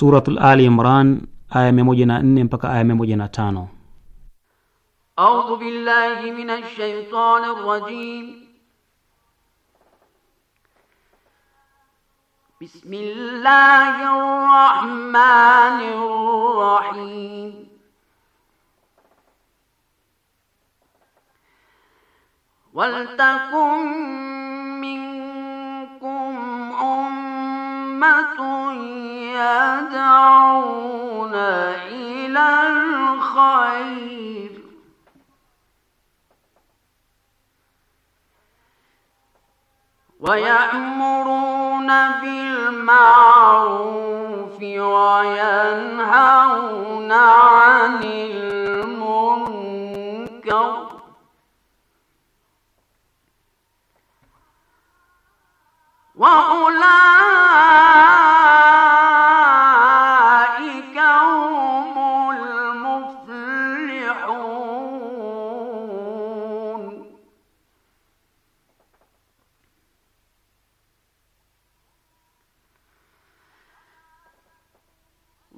Suratul Ali Imran aya 104 mpaka aya 105. A'udhu billahi minash shaitani rrajim. Bismillahir rahmanir rahim. Wal takun خير ويأمرون بالمعروف وينهون عن المنكر وأولئك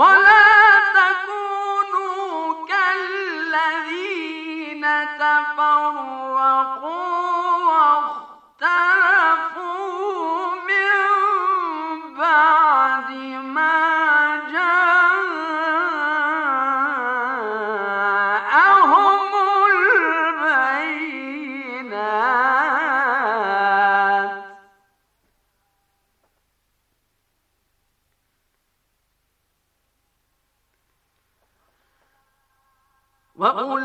ولا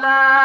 ولا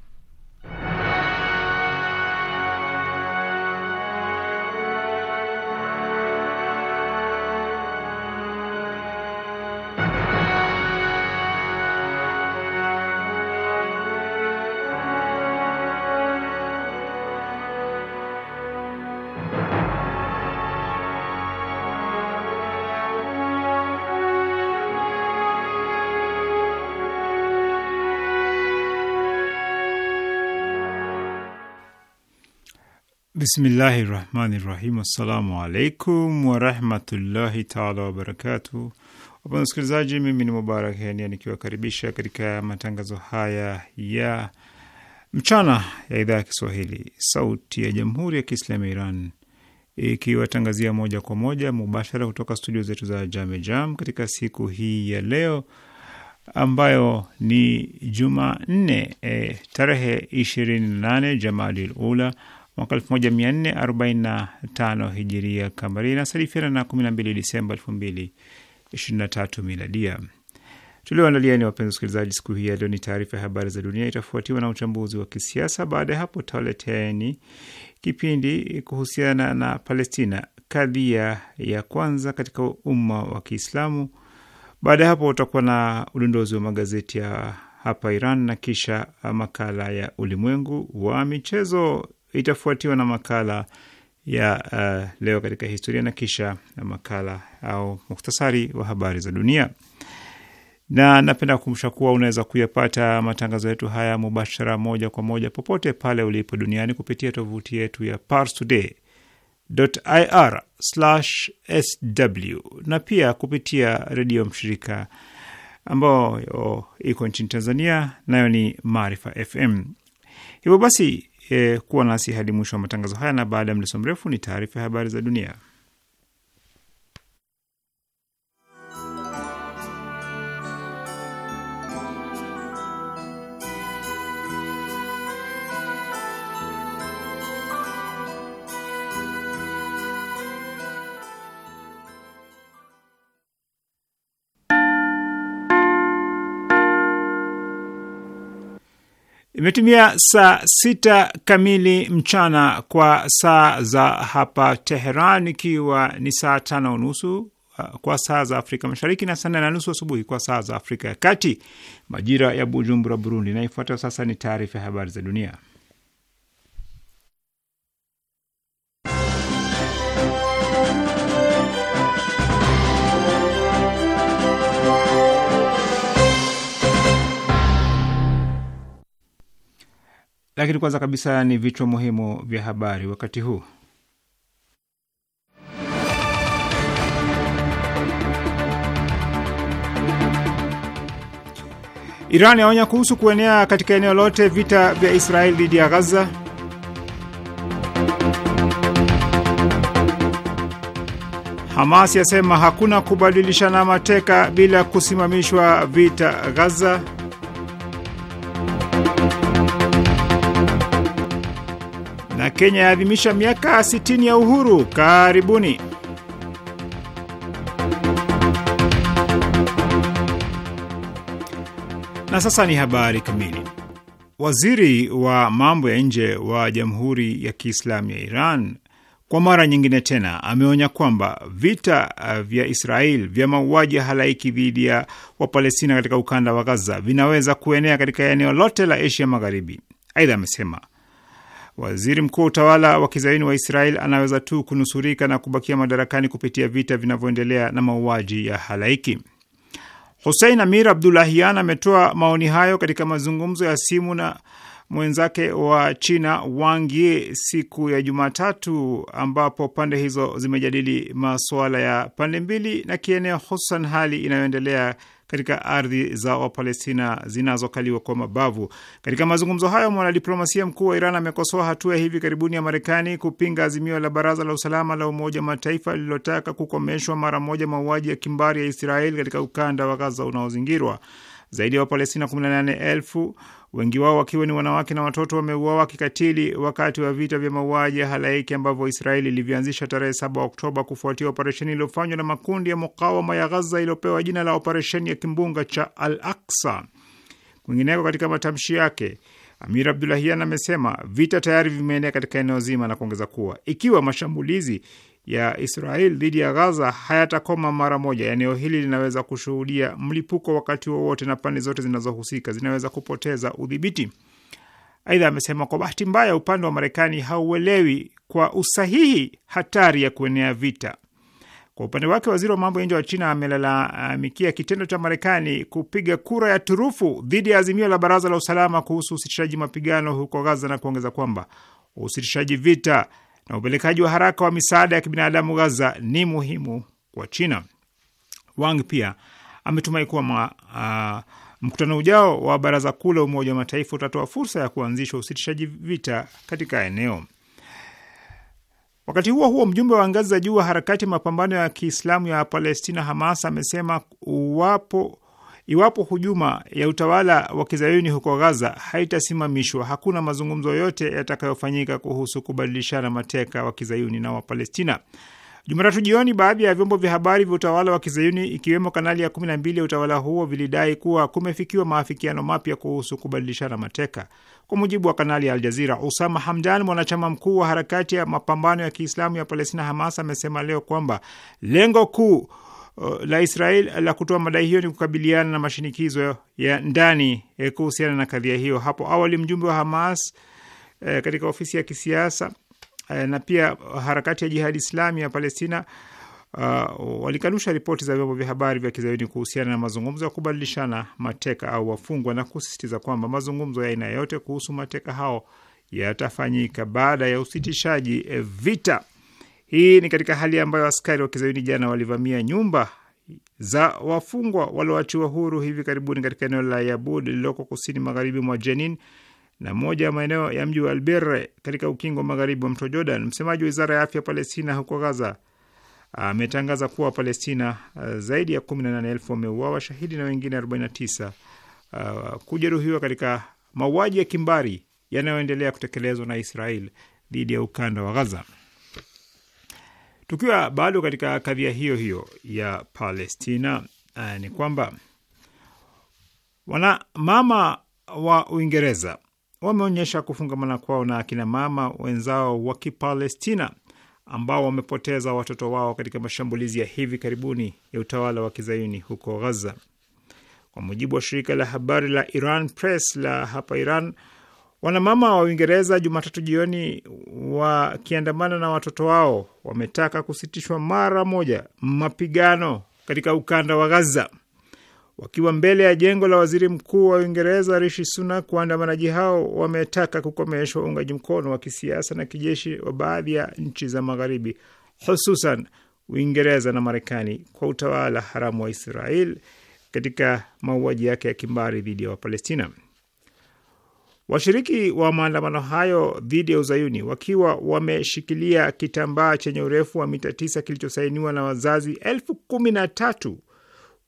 Bismillahi rahmani rahim. Assalamu alaikum warahmatullahi taala wabarakatu. Wapenzi wasikilizaji, mimi ni Mubarak Henia nikiwakaribisha katika matangazo haya ya mchana ya idhaa ya Kiswahili sauti ya jamhuri ya Kiislamu ya Iran ikiwatangazia moja kwa moja mubashara kutoka studio zetu za jame jam katika siku hii ya leo ambayo ni Jumanne e, tarehe 28 Jamadil Ula mwaka 1445 hijiria kamari, inasadifiana na 12 Disemba 2023 miladia. Tulioandalia ni wapenzi wasikilizaji, siku hii ya leo ni taarifa ya habari za dunia, itafuatiwa na uchambuzi wa kisiasa. Baada ya hapo, tawaleteni kipindi kuhusiana na Palestina, kadhia ya kwanza katika umma wa Kiislamu. Baada ya hapo, utakuwa na udondozi wa magazeti ya hapa Iran na kisha makala ya ulimwengu wa michezo itafuatiwa na makala ya uh, leo katika historia na kisha na makala au muhtasari wa habari za dunia. Na napenda kukumbusha kuwa unaweza kuyapata matangazo yetu haya mubashara, moja kwa moja, popote pale ulipo duniani kupitia tovuti yetu ya parstoday.ir/sw na pia kupitia redio mshirika ambayo iko nchini Tanzania, nayo ni Maarifa FM. Hivyo basi kuwa nasi hadi mwisho wa matangazo haya, na baada ya mdoso mrefu ni taarifa ya habari za dunia. Imetumia saa sita kamili mchana kwa saa za hapa Teheran, ikiwa ni saa tano unusu uh, kwa saa za Afrika Mashariki na saa nane na nusu asubuhi kwa saa za Afrika ya Kati, majira ya Bujumbura, Burundi. Naifuata sasa ni taarifa ya habari za dunia. Lakini kwanza kabisa ni vichwa muhimu vya habari wakati huu. Iran yaonya kuhusu kuenea katika eneo lote vita vya Israeli dhidi ya Gaza. Hamas yasema hakuna kubadilishana mateka bila kusimamishwa vita Gaza. Kenya yaadhimisha miaka 60 ya uhuru. Karibuni. Na sasa ni habari kamili. Waziri wa mambo ya nje wa Jamhuri ya Kiislamu ya Iran kwa mara nyingine tena ameonya kwamba vita vya Israel vya mauaji ya halaiki dhidi ya Wapalestina katika ukanda wa Gaza vinaweza kuenea katika eneo lote la Asia Magharibi. Aidha amesema Waziri mkuu wa utawala wa kizaini wa Israel anaweza tu kunusurika na kubakia madarakani kupitia vita vinavyoendelea na mauaji ya halaiki. Husein Amir Abdulahian ametoa maoni hayo katika mazungumzo ya simu na mwenzake wa China Wang Yi siku ya Jumatatu, ambapo pande hizo zimejadili masuala ya pande mbili na kieneo, hususan hali inayoendelea katika ardhi za Wapalestina zinazokaliwa kwa mabavu. Katika mazungumzo hayo, mwanadiplomasia mkuu wa Iran amekosoa hatua ya hivi karibuni ya Marekani kupinga azimio la Baraza la Usalama la Umoja Mataifa lililotaka kukomeshwa mara moja mauaji ya kimbari ya Israeli katika ukanda wa Gaza unaozingirwa. Zaidi ya Wapalestina 18,000 wengi wao wakiwa ni wanawake na watoto wameuawa kikatili wakati wa vita vya mauaji ya halaiki ambavyo Israeli ilivyoanzisha tarehe 7 Oktoba kufuatia operesheni iliyofanywa na makundi ya mukawama ya Ghaza iliyopewa jina la operesheni ya kimbunga cha Al Aksa. Kwingineko, katika matamshi yake Amir Abdulahian amesema vita tayari vimeenea katika eneo zima na kuongeza kuwa ikiwa mashambulizi ya Israel dhidi ya Gaza hayatakoma mara moja. Eneo hili linaweza kushuhudia mlipuko wakati wowote, na pande zote zinazohusika zinaweza kupoteza udhibiti. Aidha amesema kwa bahati mbaya, upande wa Marekani hauelewi kwa usahihi hatari ya kuenea vita. Kwa upande wake, waziri wa mambo ya nje wa China amelalamikia kitendo cha Marekani kupiga kura ya turufu dhidi ya azimio la Baraza la Usalama kuhusu usitishaji mapigano huko Gaza na kuongeza kwamba usitishaji vita na upelekaji wa haraka wa misaada ya kibinadamu Gaza ni muhimu kwa China. Wang pia ametumai kuwa ma, uh, mkutano ujao wa Baraza Kuu la Umoja wa Mataifa utatoa fursa ya kuanzishwa usitishaji vita katika eneo. Wakati huo huo, mjumbe wa ngazi za juu wa harakati mapambano ya Kiislamu ya Palestina Hamas amesema uwapo Iwapo hujuma ya utawala wa kizayuni huko Gaza haitasimamishwa, hakuna mazungumzo yote yatakayofanyika kuhusu kubadilishana mateka wa kizayuni na Wapalestina. Jumatatu jioni, baadhi ya vyombo vya habari vya utawala wa kizayuni ikiwemo kanali ya 12 ya utawala huo vilidai kuwa kumefikiwa maafikiano mapya kuhusu kubadilishana mateka. Kwa mujibu wa kanali ya Aljazira, Usama Hamdan, mwanachama mkuu wa harakati ya mapambano ya kiislamu ya Palestina, Hamas, amesema leo kwamba lengo kuu Uh, la Israel la kutoa madai hiyo ni kukabiliana na mashinikizo ya ndani eh, kuhusiana na kadhia hiyo. Hapo awali mjumbe wa Hamas e, katika ofisi ya kisiasa e, na pia harakati ya Jihadi Islami ya Palestina Uh, walikanusha ripoti za vyombo vya habari vya kizayuni kuhusiana na mazungumzo ya kubadilishana mateka au wafungwa na kusisitiza kwamba mazungumzo ya aina yote kuhusu mateka hao yatafanyika baada ya usitishaji vita. Hii ni katika hali ambayo askari wa kizayuni jana walivamia nyumba za wafungwa walioachiwa huru hivi karibuni katika eneo la Yabud lililoko kusini magharibi mwa Jenin na moja ya maeneo ya mji wa Albere katika ukingo wa magharibi wa mto Jordan. Msemaji wa wizara ya afya Palestina huko Gaza ametangaza kuwa palestina uh, zaidi ya 18,000 wameuawa shahidi na wengine 49 uh, kujeruhiwa katika mauaji ya kimbari yanayoendelea kutekelezwa na Israel dhidi ya ukanda wa Gaza. Tukiwa bado katika kadhia hiyo hiyo ya Palestina, uh, ni kwamba wanamama wa Uingereza wameonyesha kufungamana kwao na akina mama wenzao wa Kipalestina ambao wamepoteza watoto wao katika mashambulizi ya hivi karibuni ya utawala wa kizayuni huko Gaza. Kwa mujibu wa shirika la habari la Iran Press la hapa Iran, Wanamama wa Uingereza Jumatatu jioni wakiandamana na watoto wao wametaka kusitishwa mara moja mapigano katika ukanda wa Gaza. Wakiwa mbele ya jengo la waziri mkuu wa Uingereza Rishi Sunak, waandamanaji hao wametaka kukomeshwa uungaji mkono wa kisiasa na kijeshi wa baadhi ya nchi za Magharibi, hususan Uingereza na Marekani kwa utawala haramu wa Israel katika mauaji yake ya kimbari dhidi ya Wapalestina. Washiriki wa maandamano hayo dhidi ya uzayuni wakiwa wameshikilia kitambaa chenye urefu wa mita tisa kilichosainiwa na wazazi elfu kumi na tatu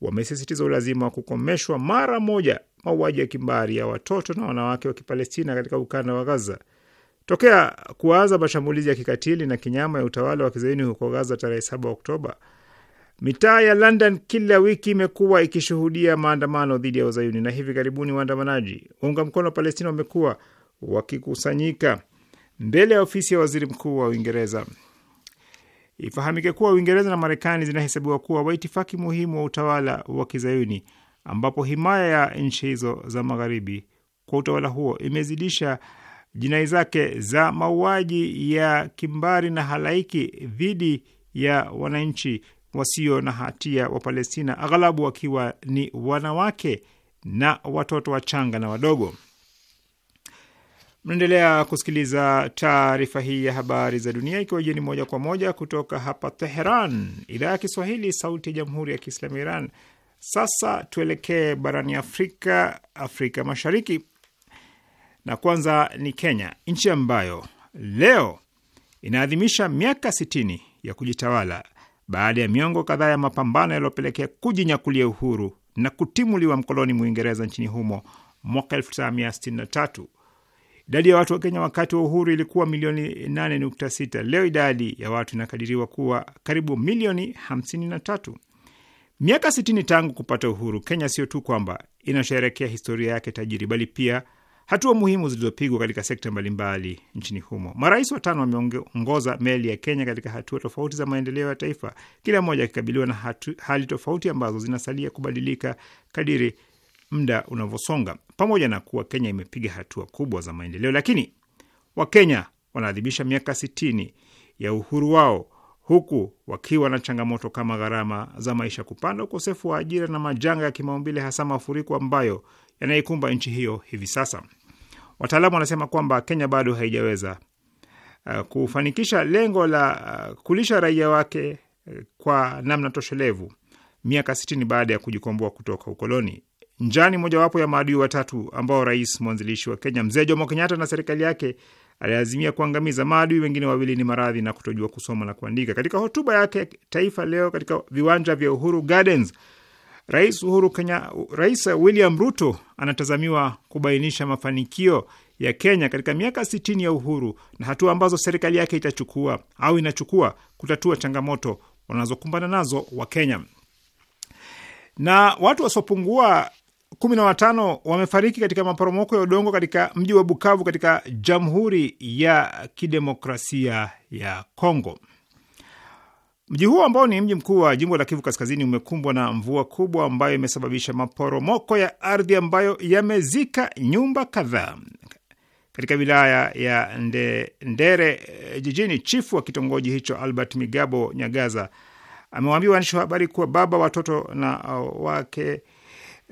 wamesisitiza ulazima wa kukomeshwa mara moja mauaji ya kimbari ya watoto na wanawake wa Kipalestina katika ukanda wa Gaza. Tokea kuanza mashambulizi ya kikatili na kinyama ya utawala wa kizayuni huko Gaza tarehe 7 Oktoba, Mitaa ya London kila wiki imekuwa ikishuhudia maandamano dhidi ya Wazayuni, na hivi karibuni waandamanaji waunga mkono wa Palestina wamekuwa wakikusanyika mbele ya ofisi ya waziri mkuu wa Uingereza. Ifahamike kuwa Uingereza na Marekani zinahesabiwa kuwa waitifaki muhimu wa utawala wa Kizayuni, ambapo himaya ya nchi hizo za magharibi kwa utawala huo imezidisha jinai zake za mauaji ya kimbari na halaiki dhidi ya wananchi wasio na hatia wa Palestina, aghalabu wakiwa ni wanawake na watoto wachanga na wadogo. Mnaendelea kusikiliza taarifa hii ya habari za dunia ikiwa jeni moja kwa moja kutoka hapa Teheran, idhaa ya Kiswahili, sauti ya jamhuri ya kiislamu Iran. Sasa tuelekee barani Afrika, Afrika Mashariki, na kwanza ni Kenya, nchi ambayo leo inaadhimisha miaka 60 ya kujitawala baada ya miongo kadhaa ya mapambano yaliyopelekea kujinyakulia uhuru na kutimuliwa mkoloni Mwingereza nchini humo mwaka 1963. Idadi ya watu wa Kenya wakati wa uhuru ilikuwa milioni 8.6. Leo idadi ya watu inakadiriwa kuwa karibu milioni 53. Miaka 60 tangu kupata uhuru, Kenya sio tu kwamba inasheherekea historia yake tajiri, bali pia hatua muhimu zilizopigwa katika sekta mbalimbali nchini humo. Marais watano wameongoza meli ya Kenya katika hatua tofauti za maendeleo ya taifa, kila mmoja akikabiliwa na hatu, hali tofauti ambazo zinasalia kubadilika kadiri muda unavyosonga. Pamoja na kuwa Kenya imepiga hatua kubwa za maendeleo, lakini Wakenya wanaadhimisha miaka sitini ya uhuru wao huku wakiwa na changamoto kama gharama za maisha kupanda, ukosefu wa ajira na majanga ya kimaumbile, hasa mafuriko ambayo yanaikumba nchi hiyo hivi sasa. Wataalamu wanasema kwamba Kenya bado haijaweza uh, kufanikisha lengo la uh, kulisha raia wake uh, kwa namna toshelevu miaka sitini baada ya kujikomboa kutoka ukoloni. Njaa ni mojawapo ya maadui watatu ambao rais mwanzilishi wa Kenya Mzee Jomo Kenyatta na serikali yake aliazimia kuangamiza. Maadui wengine wawili ni maradhi na kutojua kusoma na kuandika. Katika hotuba yake taifa leo katika viwanja vya Uhuru Gardens, Rais Uhuru Kenya, Rais William Ruto anatazamiwa kubainisha mafanikio ya Kenya katika miaka sitini ya uhuru na hatua ambazo serikali yake itachukua au inachukua kutatua changamoto wanazokumbana nazo wa Kenya. Na watu wasiopungua kumi na watano wamefariki katika maporomoko ya udongo katika mji wa Bukavu katika Jamhuri ya Kidemokrasia ya Kongo. Mji huo ambao ni mji mkuu wa jimbo la Kivu Kaskazini umekumbwa na mvua kubwa ambayo imesababisha maporomoko ya ardhi ambayo yamezika nyumba kadhaa katika wilaya ya nde, Ndere eh, jijini. Chifu wa kitongoji hicho Albert Migabo Nyagaza amewaambia waandishi wa habari kuwa baba watoto na uh, wake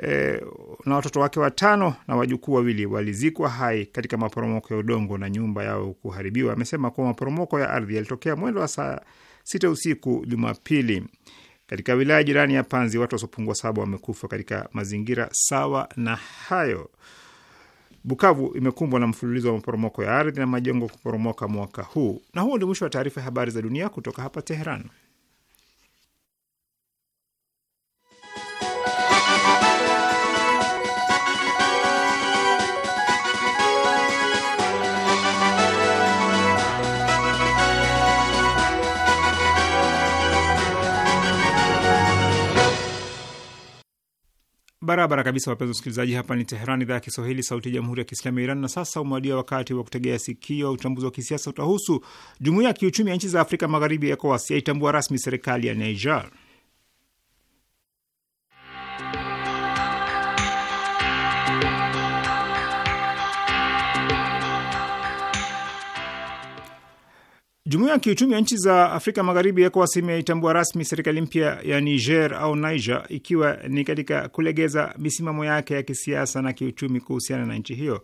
e, na watoto wake watano na wajukuu wawili walizikwa hai katika maporomoko ya udongo na nyumba yao kuharibiwa. Amesema kuwa maporomoko ya ardhi yalitokea mwendo wa saa sita usiku Jumapili. Katika wilaya jirani ya Panzi, watu wasiopungua saba wamekufa katika mazingira sawa na hayo. Bukavu imekumbwa na mfululizo wa maporomoko ya ardhi na majengo kuporomoka mwaka huu. Na huo ndio mwisho wa taarifa ya habari za dunia kutoka hapa Teheran. barabara kabisa, wapenzi wasikilizaji, hapa ni Teherani, idhaa ya Kiswahili, sauti ya jamhuri ya kiislamu ya Iran. Na sasa umewadia wakati wa kutegea sikio. Uchambuzi wa kisiasa utahusu jumuiya ya kiuchumi ya nchi za Afrika Magharibi, ECOWAS, yaitambua rasmi serikali ya Niger. Jumuiya ya kiuchumi ya nchi za Afrika Magharibi, ECOWAS, imeitambua rasmi serikali mpya ya Niger au Niger, ikiwa ni katika kulegeza misimamo yake ya kisiasa na kiuchumi kuhusiana na nchi hiyo.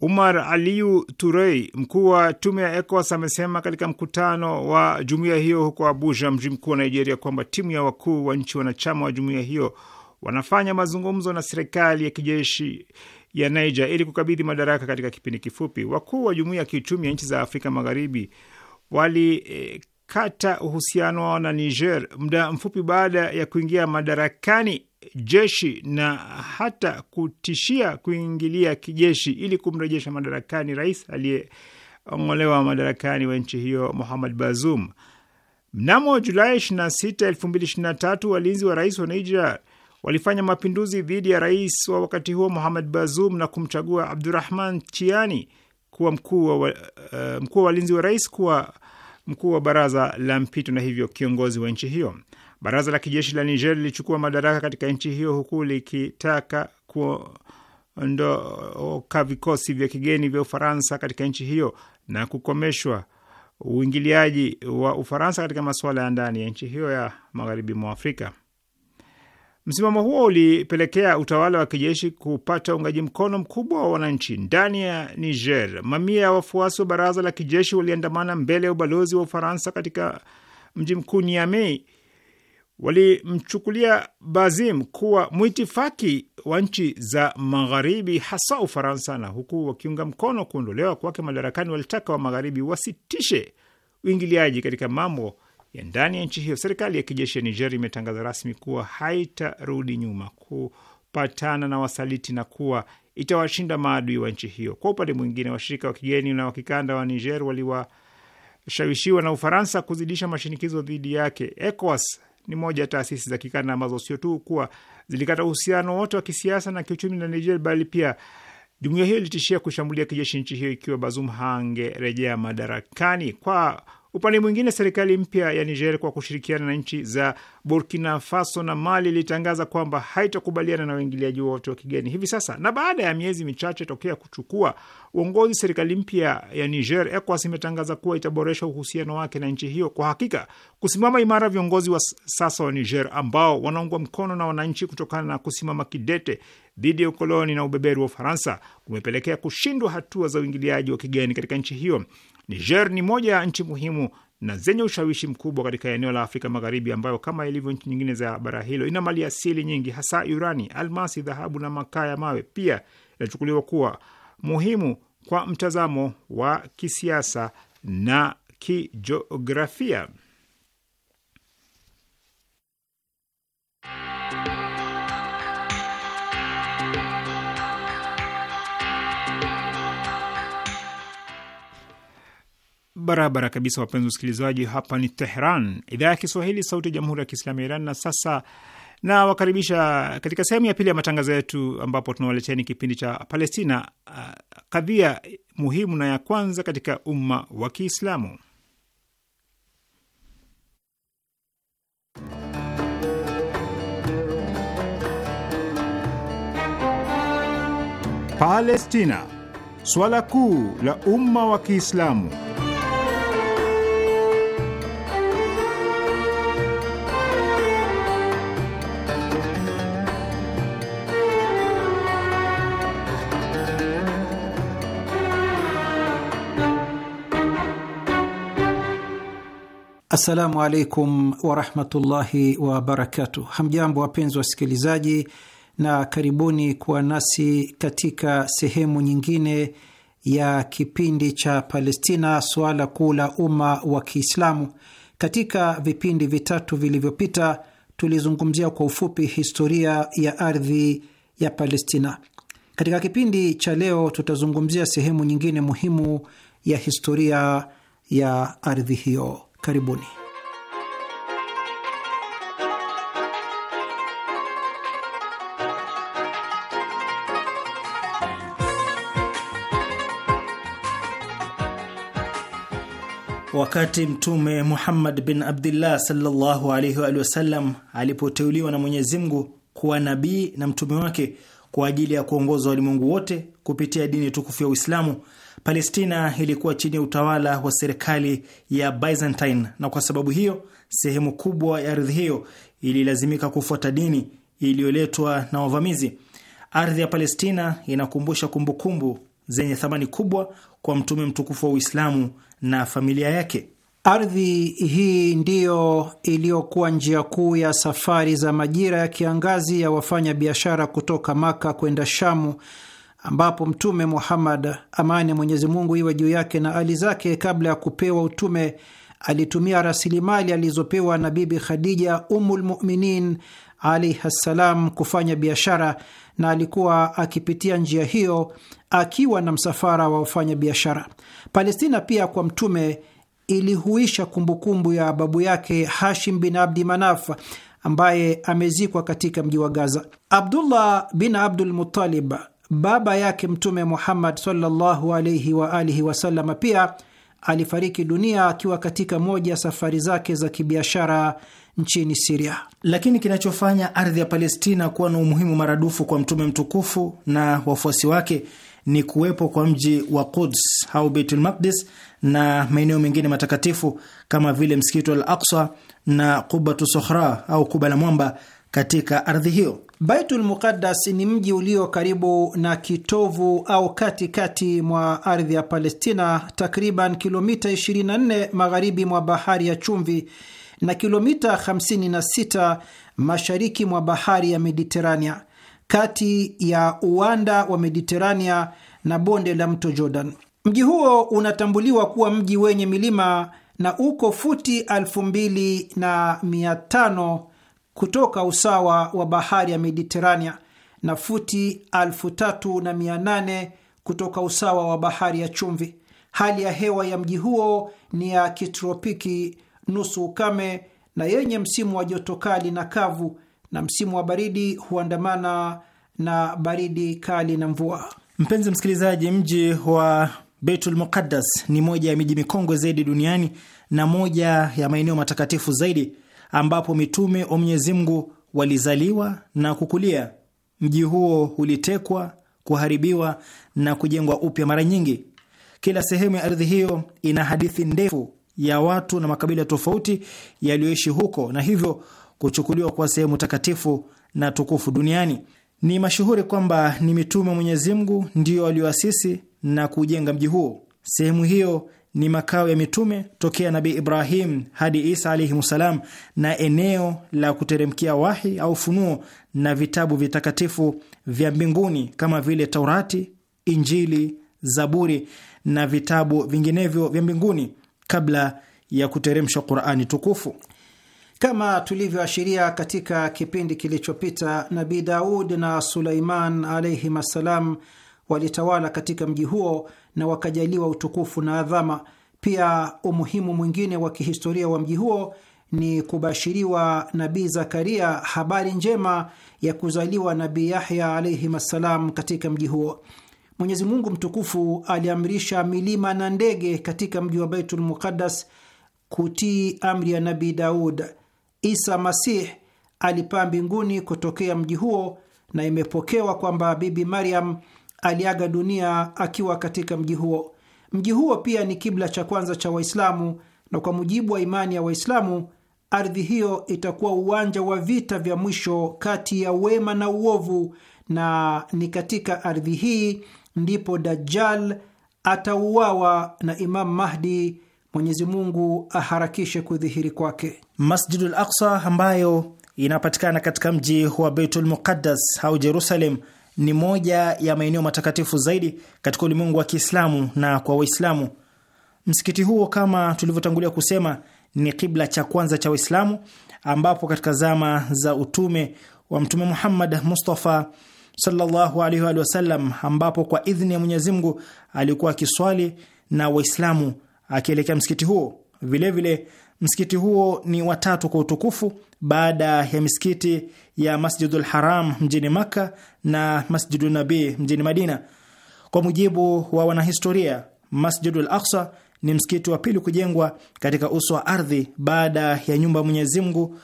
Umar aliu Turei, mkuu wa tume ya ECOWAS, amesema katika mkutano wa jumuiya hiyo huko Abuja, mji mkuu wa Nigeria, kwamba timu ya wakuu wa nchi wanachama wa jumuiya hiyo wanafanya mazungumzo na serikali ya kijeshi ya Niger ili kukabidhi madaraka katika kipindi kifupi. Wakuu wa jumuiya ya kiuchumi ya nchi za Afrika Magharibi walikata uhusiano wao na Niger muda mfupi baada ya kuingia madarakani jeshi na hata kutishia kuingilia kijeshi ili kumrejesha madarakani rais aliyeongolewa madarakani wa nchi hiyo muhammad Bazoum. Mnamo Julai 26, 2023 walinzi wa rais wa Niger walifanya mapinduzi dhidi ya rais wa wakati huo muhamad Bazoum na kumchagua Abdurahman Chiani kuwa mkuu wa, uh, mkuu wa walinzi wa rais kuwa mkuu wa baraza la mpito na hivyo kiongozi wa nchi hiyo. Baraza la kijeshi la Niger lilichukua madaraka katika nchi hiyo huku likitaka kuondoka vikosi vya kigeni vya Ufaransa katika nchi hiyo na kukomeshwa uingiliaji wa Ufaransa katika masuala ya ndani ya nchi hiyo ya magharibi mwa Afrika. Msimamo huo ulipelekea utawala wa kijeshi kupata uungaji mkono mkubwa wa wananchi ndani ya Niger. Mamia ya wafuasi wa baraza la kijeshi waliandamana mbele ya ubalozi wa Ufaransa katika mji mkuu Niamey. Walimchukulia Bazim kuwa mwitifaki wa nchi za Magharibi, hasa Ufaransa, na huku wakiunga mkono kuondolewa kwake madarakani, walitaka wa Magharibi wasitishe uingiliaji katika mambo ya ndani ya nchi hiyo. Serikali ya kijeshi ya Niger imetangaza rasmi kuwa haitarudi nyuma kupatana na wasaliti na kuwa itawashinda maadui wa nchi hiyo. Kwa upande mwingine, washirika wa kigeni na wakikanda wa Niger waliwashawishiwa na Ufaransa kuzidisha mashinikizo dhidi yake. ECOWAS ni moja ya taasisi za kikanda ambazo sio tu kuwa zilikata uhusiano wote wa kisiasa na kiuchumi na Niger, bali pia jumuiya hiyo ilitishia kushambulia kijeshi nchi hiyo ikiwa Bazum hangerejea madarakani. Kwa Upande mwingine, serikali mpya ya Niger kwa kushirikiana na nchi za Burkina Faso na Mali ilitangaza kwamba haitakubaliana na uingiliaji wowote wa kigeni hivi sasa. Na baada ya miezi michache tokea kuchukua uongozi serikali mpya ya Niger, ECOWAS imetangaza kuwa itaboresha uhusiano wake na nchi hiyo. Kwa hakika kusimama imara viongozi wa sasa wa Niger ambao wanaungwa mkono na wananchi kutokana na kusimama kidete dhidi ya ukoloni na ubeberu wa Ufaransa kumepelekea kushindwa hatua za uingiliaji wa kigeni katika nchi hiyo. Niger ni moja ya nchi muhimu na zenye ushawishi mkubwa katika eneo la Afrika Magharibi, ambayo kama ilivyo nchi nyingine za bara hilo ina mali asili nyingi, hasa urani, almasi, dhahabu na makaa ya mawe. Pia inachukuliwa kuwa muhimu kwa mtazamo wa kisiasa na kijiografia. barabara kabisa, wapenzi wasikilizaji, hapa ni Tehran, idhaa ya Kiswahili, sauti ya jamhuri ya kiislamu ya Iran. Na sasa nawakaribisha katika sehemu ya pili ya matangazo yetu, ambapo tunawaleteni kipindi cha Palestina, uh, kadhia muhimu na ya kwanza katika umma wa Kiislamu. Palestina, swala kuu la umma wa Kiislamu. Assalamu alaikum warahmatullahi wabarakatuh. Hamjambo wapenzi wasikilizaji, na karibuni kuwa nasi katika sehemu nyingine ya kipindi cha Palestina, suala kuu la umma wa Kiislamu. Katika vipindi vitatu vilivyopita, tulizungumzia kwa ufupi historia ya ardhi ya Palestina. Katika kipindi cha leo, tutazungumzia sehemu nyingine muhimu ya historia ya ardhi hiyo. Karibuni. Wakati Mtume Muhammad bin Abdillah sallallahu alaihi wa sallam alipoteuliwa na Mwenyezi Mungu kuwa nabii na mtume wake kwa ajili ya kuongoza walimwengu wote kupitia dini tukufu ya Uislamu, Palestina ilikuwa chini ya utawala wa serikali ya Byzantine, na kwa sababu hiyo sehemu kubwa ya ardhi hiyo ililazimika kufuata dini iliyoletwa na wavamizi. Ardhi ya Palestina inakumbusha kumbukumbu zenye thamani kubwa kwa mtume mtukufu wa Uislamu na familia yake. Ardhi hii ndiyo iliyokuwa njia kuu ya safari za majira ya kiangazi ya wafanya biashara kutoka Maka kwenda Shamu ambapo Mtume Muhammad, amani ya Mwenyezi Mungu iwe juu yake na ali zake, kabla ya kupewa utume alitumia rasilimali alizopewa na Bibi Khadija Ummulmuminin alaihi ssalam kufanya biashara, na alikuwa akipitia njia hiyo akiwa na msafara wa wafanya biashara. Palestina pia kwa Mtume ilihuisha kumbukumbu ya babu yake Hashim bin Abdi Manaf ambaye amezikwa katika mji wa Gaza. Abdullah bin Abdul Muttalib Baba yake Mtume Muhammad sallallahu alaihi wa alihi wasallam pia alifariki dunia akiwa katika moja ya safari zake za kibiashara nchini Siria. Lakini kinachofanya ardhi ya Palestina kuwa na umuhimu maradufu kwa mtume mtukufu na wafuasi wake ni kuwepo kwa mji wa Quds au Beitul Maqdis na maeneo mengine matakatifu kama vile msikiti Al Aqsa na Qubatu Sohra au Kuba la Mwamba katika ardhi hiyo. Baitul Muqaddas ni mji ulio karibu na kitovu au katikati mwa ardhi ya Palestina, takriban kilomita 24 magharibi mwa bahari ya Chumvi na kilomita 56 mashariki mwa bahari ya Mediterania, kati ya uwanda wa Mediterania na bonde la mto Jordan. Mji huo unatambuliwa kuwa mji wenye milima na uko futi 2500 kutoka usawa wa bahari ya Mediterania na futi 3800 kutoka usawa wa bahari ya chumvi. Hali ya hewa ya mji huo ni ya kitropiki, nusu ukame na yenye msimu wa joto kali na kavu, na msimu wa baridi huandamana na baridi kali na mvua. Mpenzi msikilizaji, mji wa Beitul Muqaddas ni moja ya miji mikongwe zaidi duniani na moja ya maeneo matakatifu zaidi ambapo mitume wa Mwenyezi Mungu walizaliwa na kukulia. Mji huo ulitekwa, kuharibiwa na kujengwa upya mara nyingi. Kila sehemu ya ardhi hiyo ina hadithi ndefu ya watu na makabila tofauti yaliyoishi huko na hivyo kuchukuliwa kuwa sehemu takatifu na tukufu duniani. Ni mashuhuri kwamba ni mitume wa Mwenyezi Mungu ndiyo walioasisi na kuujenga mji huo. Sehemu hiyo ni makao ya mitume tokea Nabii Ibrahim hadi Isa alaihimussalam, na eneo la kuteremkia wahi au funuo na vitabu vitakatifu vya mbinguni kama vile Taurati, Injili, Zaburi na vitabu vinginevyo vya mbinguni kabla ya kuteremsha Qurani tukufu. Kama tulivyoashiria katika kipindi kilichopita, Nabii Daud na Sulaiman alaihim assalam walitawala katika mji huo na wakajaliwa utukufu na adhama. Pia umuhimu mwingine wa kihistoria wa mji huo ni kubashiriwa Nabii Zakaria habari njema ya kuzaliwa Nabii Yahya alaihim assalam katika mji huo. Mwenyezi Mungu mtukufu aliamrisha milima na ndege katika mji wa Baitul Muqaddas kutii amri ya Nabii Daud. Isa Masih alipaa mbinguni kutokea mji huo, na imepokewa kwamba Bibi Maryam aliaga dunia akiwa katika mji huo. Mji huo pia ni kibla cha kwanza cha Waislamu, na kwa mujibu wa imani ya Waislamu, ardhi hiyo itakuwa uwanja wa vita vya mwisho kati ya wema na uovu, na ni katika ardhi hii ndipo Dajjal atauawa na Imam Mahdi, Mwenyezi Mungu aharakishe kudhihiri kwake. Masjidul Aqsa ambayo inapatikana katika mji wa Beitul Muqaddas au Jerusalem ni moja ya maeneo matakatifu zaidi katika ulimwengu wa Kiislamu na kwa Waislamu. Msikiti huo kama tulivyotangulia kusema ni kibla cha kwanza cha Waislamu, ambapo katika zama za utume wa Mtume Muhammad Mustafa sallallahu alaihi wa sallam, ambapo kwa idhini ya Mwenyezi Mungu alikuwa akiswali na Waislamu akielekea msikiti huo. Vilevile vile, msikiti huo ni watatu kwa utukufu baada ya misikiti ya Masjidul Haram mjini Makka na Masjidu Nabii mjini Madina. Kwa mujibu wa wanahistoria, Masjidul Aqsa ni msikiti wa pili kujengwa katika uso wa ardhi baada ya nyumba ya Mwenyezi Mungu,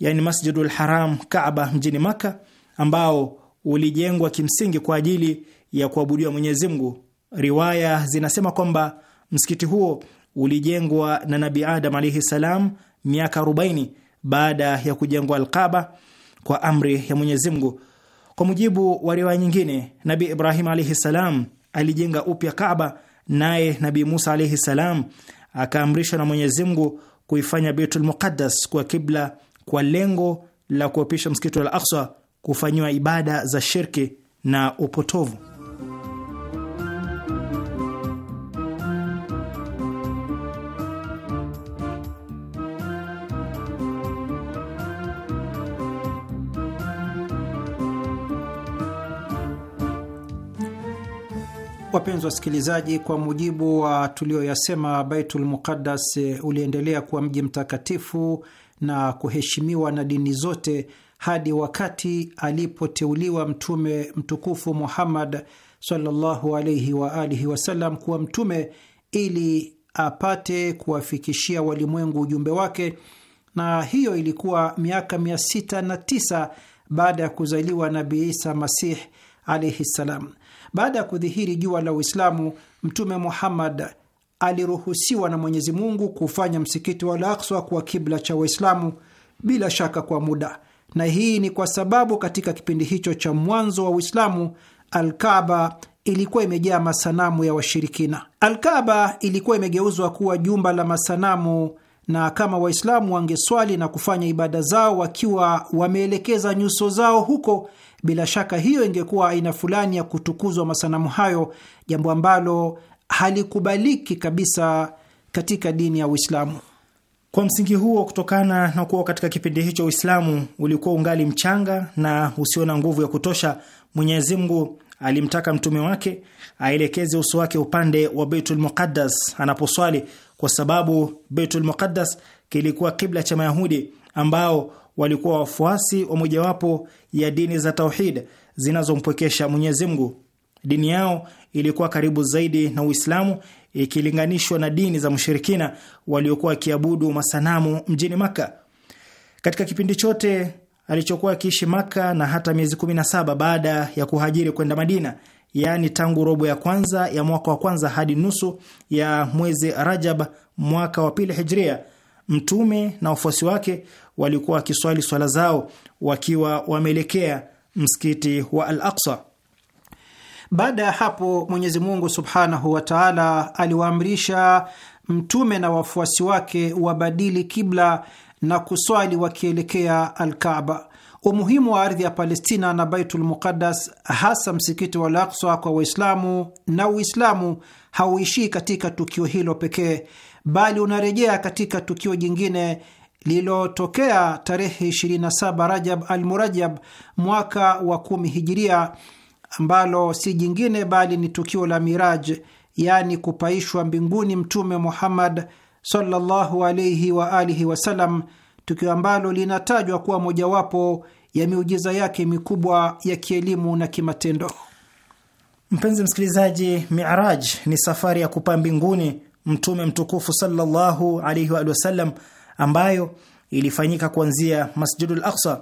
yani Masjidul Haram, Kaaba mjini Makka, ambao ulijengwa kimsingi kwa ajili ya kuabudiwa Mwenyezi Mungu. Riwaya zinasema kwamba msikiti huo ulijengwa na Nabi Adam alaihi salam miaka 40 baada ya kujengwa Alqaba kwa amri ya Mwenyezi Mungu. Kwa mujibu wa riwaya nyingine, Nabi Ibrahim alaihi salam alijenga upya Kaaba, naye Nabi Musa alaihi salam akaamrishwa na Mwenyezi Mungu kuifanya Baitul Muqaddas kuwa kibla kwa lengo la kuapisha msikiti wa Al-Aqsa kufanyiwa ibada za shirki na upotovu. Wapenzi wasikilizaji, kwa mujibu wa tulioyasema, Baitul Muqaddas e, uliendelea kuwa mji mtakatifu na kuheshimiwa na dini zote hadi wakati alipoteuliwa Mtume mtukufu Muhammad sallallahu alaihi wa alihi wasallam kuwa mtume ili apate kuwafikishia walimwengu ujumbe wake, na hiyo ilikuwa miaka 609 baada ya kuzaliwa Nabi Isa Masih alaihi ssalam. Baada ya kudhihiri jua la Uislamu, Mtume Muhammad aliruhusiwa na Mwenyezi Mungu kufanya msikiti wa Al-Aqsa kuwa kibla cha Waislamu, bila shaka kwa muda, na hii ni kwa sababu katika kipindi hicho cha mwanzo wa Uislamu alkaba ilikuwa imejaa masanamu ya washirikina. alkaba ilikuwa imegeuzwa kuwa jumba la masanamu na kama Waislamu wangeswali na kufanya ibada zao wakiwa wameelekeza nyuso zao huko, bila shaka hiyo ingekuwa aina fulani ya kutukuzwa masanamu hayo, jambo ambalo halikubaliki kabisa katika dini ya Uislamu. Kwa msingi huo, kutokana na kuwa katika kipindi hicho Uislamu ulikuwa ungali mchanga na usio na nguvu ya kutosha, Mwenyezi Mungu alimtaka mtume wake aelekeze uso wake upande wa Beitul Muqaddas anaposwali kwa sababu Beitul Muqaddas kilikuwa kibla cha Mayahudi ambao walikuwa wafuasi wa mojawapo ya dini za tauhid zinazompwekesha Mwenyezi Mungu. Dini yao ilikuwa karibu zaidi na Uislamu ikilinganishwa na dini za mshirikina waliokuwa wakiabudu masanamu mjini Makka. Katika kipindi chote alichokuwa akiishi Makka na hata miezi 17 baada ya kuhajiri kwenda Madina, yaani tangu robo ya kwanza ya mwaka wa kwanza hadi nusu ya mwezi Rajab mwaka wa pili Hijria, Mtume na wafuasi wake walikuwa wakiswali swala zao wakiwa wameelekea msikiti wa Al Aksa. Baada ya hapo, Mwenyezi Mungu subhanahu wa taala aliwaamrisha Mtume na wafuasi wake wabadili kibla na kuswali wakielekea Alkaba. Umuhimu wa ardhi ya Palestina na Baitul Muqaddas, hasa msikiti wa Al-Aqsa kwa Waislamu na Uislamu hauishii katika tukio hilo pekee, bali unarejea katika tukio jingine lililotokea tarehe 27 Rajab al-Murajab mwaka wa kumi hijiria, ambalo si jingine bali ni tukio la Miraj, yaani kupaishwa mbinguni Mtume Muhammad sallallahu alaihi wa alihi wasallam tukio ambalo linatajwa kuwa mojawapo ya miujiza yake mikubwa ya kielimu na kimatendo. Mpenzi msikilizaji, Miraj ni safari ya kupaa mbinguni Mtume mtukufu sallallahu alaihi wa sallam, ambayo ilifanyika kuanzia Masjidul Aqsa.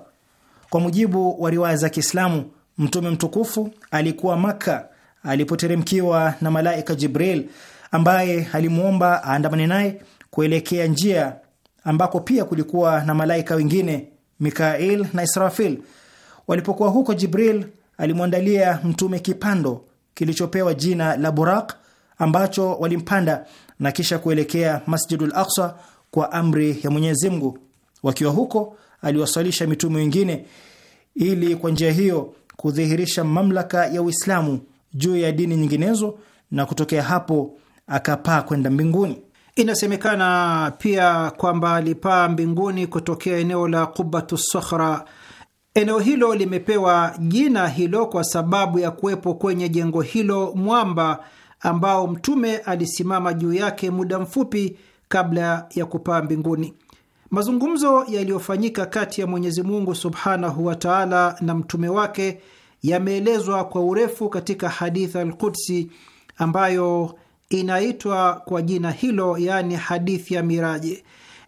Kwa mujibu wa riwaya za Kiislamu, Mtume mtukufu alikuwa Makka alipoteremkiwa na malaika Jibril, ambaye alimwomba aandamane naye kuelekea njia ambako pia kulikuwa na malaika wengine Mikail na Israfil. Walipokuwa huko, Jibril alimwandalia mtume kipando kilichopewa jina la Buraq ambacho walimpanda na kisha kuelekea Masjidul Aqsa kwa amri ya Mwenyezi Mungu. Wakiwa huko, aliwaswalisha mitume wengine ili kwa njia hiyo kudhihirisha mamlaka ya Uislamu juu ya dini nyinginezo, na kutokea hapo akapaa kwenda mbinguni. Inasemekana pia kwamba alipaa mbinguni kutokea eneo la Qubatu Sokhra. Eneo hilo limepewa jina hilo kwa sababu ya kuwepo kwenye jengo hilo mwamba ambao Mtume alisimama juu yake muda mfupi kabla ya kupaa mbinguni. Mazungumzo yaliyofanyika kati ya Mwenyezi Mungu subhanahu wa taala na mtume wake yameelezwa kwa urefu katika Hadith Alqudsi ambayo inaitwa kwa jina hilo, yaani hadithi ya miraji.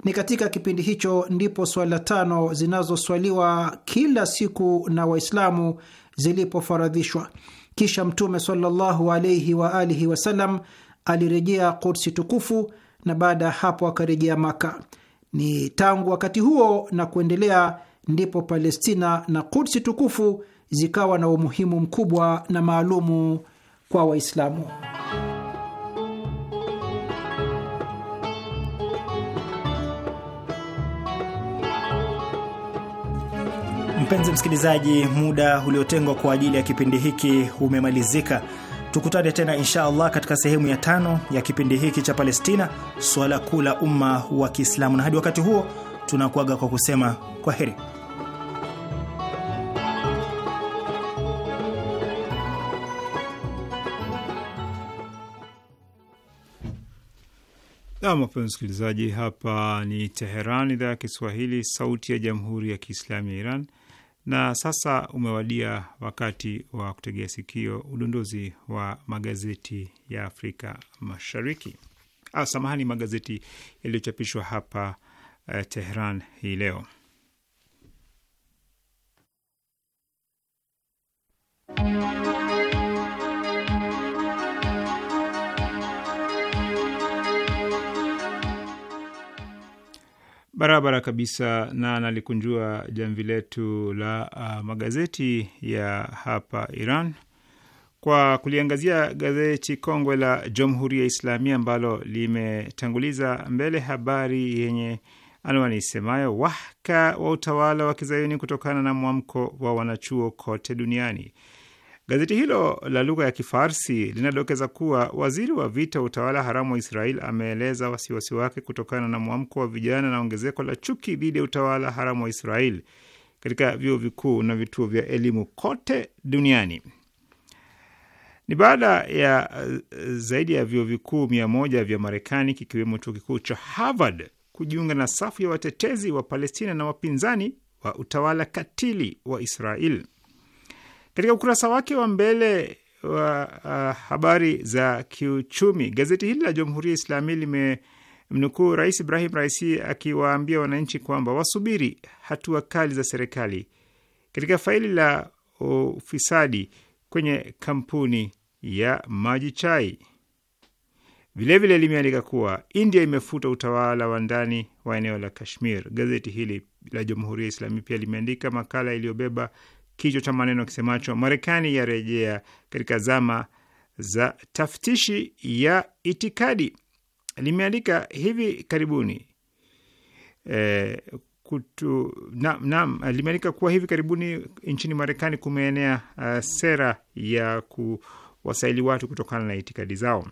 Ni katika kipindi hicho ndipo swala tano zinazoswaliwa kila siku na Waislamu zilipofaradhishwa. Kisha Mtume sallallahu alaihi wa alihi wasallam alirejea Kudsi tukufu na baada ya hapo akarejea Maka. Ni tangu wakati huo na kuendelea ndipo Palestina na Kudsi tukufu zikawa na umuhimu mkubwa na maalumu kwa Waislamu. Mpenzi msikilizaji, muda uliotengwa kwa ajili ya kipindi hiki umemalizika. Tukutane tena insha Allah katika sehemu ya tano ya kipindi hiki cha Palestina, suala kuu la umma wa Kiislamu, na hadi wakati huo tunakuaga kwa kusema kwa heri. Nam, wapenzi msikilizaji, hapa ni Teheran, idhaa ya Kiswahili, sauti ya jamhuri ya Kiislamu ya Iran. Na sasa umewadia wakati wa kutegea sikio udondozi wa magazeti ya Afrika Mashariki. Ah, samahani, magazeti yaliyochapishwa hapa eh, Tehran hii leo. Barabara kabisa, na nalikunjua jamvi letu la uh, magazeti ya hapa Iran kwa kuliangazia gazeti kongwe la Jamhuri ya Islamia ambalo limetanguliza mbele habari yenye anwani isemayo wahaka wa utawala wa kizayuni kutokana na mwamko wa wanachuo kote duniani. Gazeti hilo la lugha ya Kifarsi linadokeza kuwa waziri wa vita wa utawala haramu wa Israel ameeleza wasiwasi wake kutokana na mwamko wa vijana na ongezeko la chuki dhidi ya utawala haramu wa Israel katika vyuo vikuu na vituo vya elimu kote duniani. Ni baada ya eh, zaidi ya vyuo vikuu mia moja vya Marekani kikiwemo chuo kikuu cha Harvard kujiunga na safu ya watetezi wa Palestina na wapinzani wa utawala katili wa Israel. Katika ukurasa wake wa mbele wa uh, habari za kiuchumi, gazeti hili la Jamhuri ya Islami limemnukuu Rais Ibrahim Raisi akiwaambia wananchi kwamba wasubiri hatua kali za serikali katika faili la ufisadi kwenye kampuni ya maji chai. Vilevile limeandika kuwa India imefuta utawala wa ndani wa eneo la Kashmir. Gazeti hili la Jamhuri ya Islami pia limeandika makala iliyobeba kichwa cha maneno kisemacho Marekani yarejea katika zama za taftishi ya itikadi. Limeandika hivi karibuni e, kutu, na, na, limeandika kuwa hivi karibuni nchini Marekani kumeenea uh, sera ya kuwasaili watu kutokana na itikadi zao.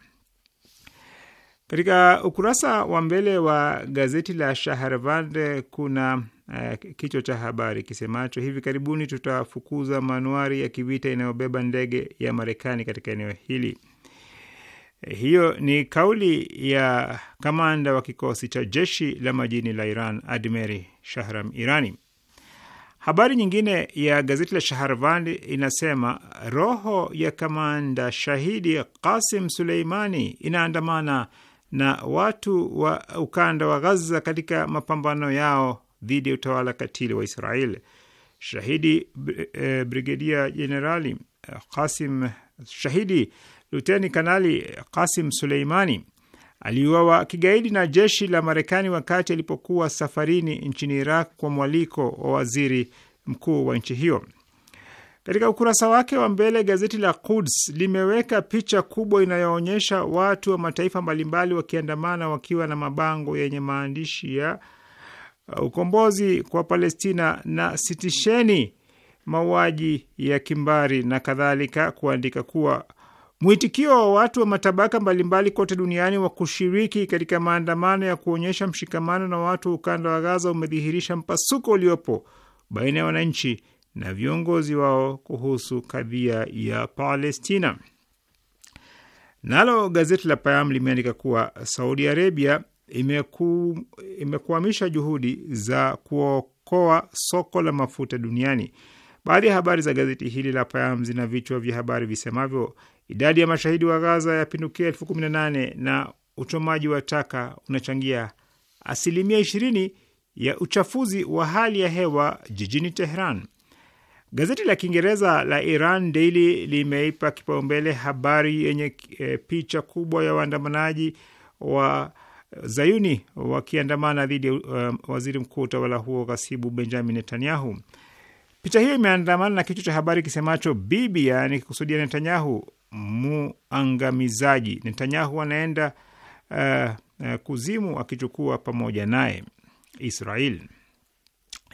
Katika ukurasa wa mbele wa gazeti la Shaharvand kuna uh, kichwa cha habari kisemacho hivi karibuni tutafukuza manuari ya kivita inayobeba ndege ya Marekani katika eneo hili. Eh, hiyo ni kauli ya kamanda wa kikosi cha jeshi la majini la Iran, Admeri Shahram Irani. Habari nyingine ya gazeti la Shaharvand inasema roho ya kamanda shahidi Qasim Suleimani inaandamana na watu wa ukanda wa Ghaza katika mapambano yao dhidi ya utawala katili wa Israel. Shahidi eh, brigedia jenerali eh, Qasim, shahidi luteni kanali eh, Qasim Suleimani aliuawa kigaidi na jeshi la Marekani wakati alipokuwa safarini nchini Iraq kwa mwaliko wa waziri mkuu wa nchi hiyo. Katika ukurasa wake wa mbele gazeti la Quds limeweka picha kubwa inayoonyesha watu wa mataifa mbalimbali wakiandamana wakiwa na mabango yenye maandishi ya Uh, ukombozi kwa Palestina na sitisheni mauaji ya kimbari na kadhalika, kuandika kuwa mwitikio wa watu wa matabaka mbalimbali kote duniani wa kushiriki katika maandamano ya kuonyesha mshikamano na watu ukanda wa Gaza umedhihirisha mpasuko uliopo baina ya wananchi na viongozi wao kuhusu kadhia ya Palestina. Nalo gazeti la Payam limeandika kuwa Saudi Arabia imeku, imekuamisha juhudi za kuokoa soko la mafuta duniani. Baadhi ya habari za gazeti hili la Payam zina vichwa vya habari visemavyo idadi ya mashahidi wa Gaza yapindukia elfu kumi na nane na uchomaji wa taka unachangia asilimia ishirini ya uchafuzi wa hali ya hewa jijini Tehran. Gazeti la Kiingereza la Iran Daily limeipa kipaumbele habari yenye e, picha kubwa ya waandamanaji wa Zayuni wakiandamana dhidi ya um, waziri mkuu wa utawala huo ghasibu Benjamin Netanyahu. Picha hiyo imeandamana na kichwa cha habari kisemacho bibi, yaani kikusudia Netanyahu muangamizaji, Netanyahu anaenda uh, uh, kuzimu akichukua pamoja naye Israel.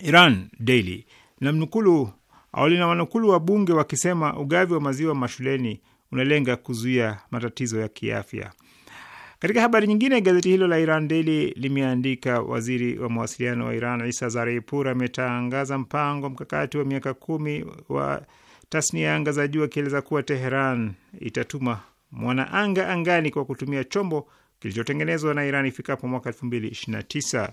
Iran Daily namnukulu au lina wanukulu wa bunge wakisema ugavi wa maziwa mashuleni unalenga kuzuia matatizo ya kiafya. Katika habari nyingine, gazeti hilo la Iran Daily limeandika waziri wa mawasiliano wa Iran Isa Zarepour ametangaza mpango mkakati wa miaka kumi wa tasnia ya anga za juu, akieleza kuwa Teheran itatuma mwanaanga angani kwa kutumia chombo kilichotengenezwa na Iran ifikapo mwaka 2029.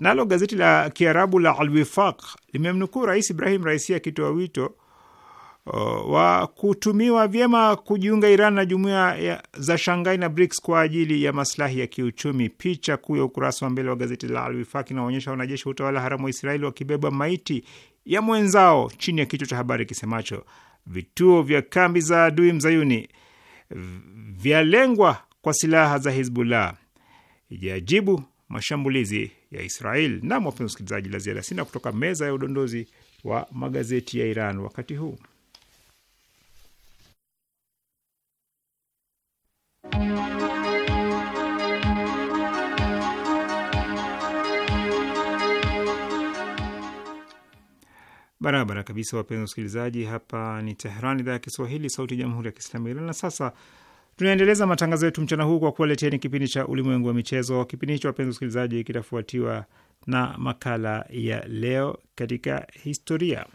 Nalo gazeti la Kiarabu la alwifaq limemnukuu Rais Ibrahim Raisi akitoa wito Uh, wa kutumiwa vyema kujiunga Iran na jumuiya za Shanghai na BRICS kwa ajili ya maslahi ya kiuchumi. Picha kuu ya ukurasa wa mbele wa gazeti la alwifaq inaonyesha wanajeshi wa utawala haramu wa Israeli wakibeba maiti ya mwenzao chini ya kichwa cha habari kisemacho vituo vya kambi za adui mzayuni vyalengwa kwa silaha za Hizbullah ijajibu mashambulizi ya Israel. Na wapenzi wasikilizaji, la ziada sina kutoka meza ya udondozi wa magazeti ya Iran wakati huu. Barabara kabisa, wapenzi wasikilizaji, hapa ni teheran idhaa ya Kiswahili, sauti ya jamhuri ya kiislamu ya Iran. Na sasa tunaendeleza matangazo yetu mchana huu kwa kuwaleteeni kipindi cha ulimwengu wa michezo. Kipindi hicho, wapenzi wasikilizaji, kitafuatiwa na makala ya leo katika historia.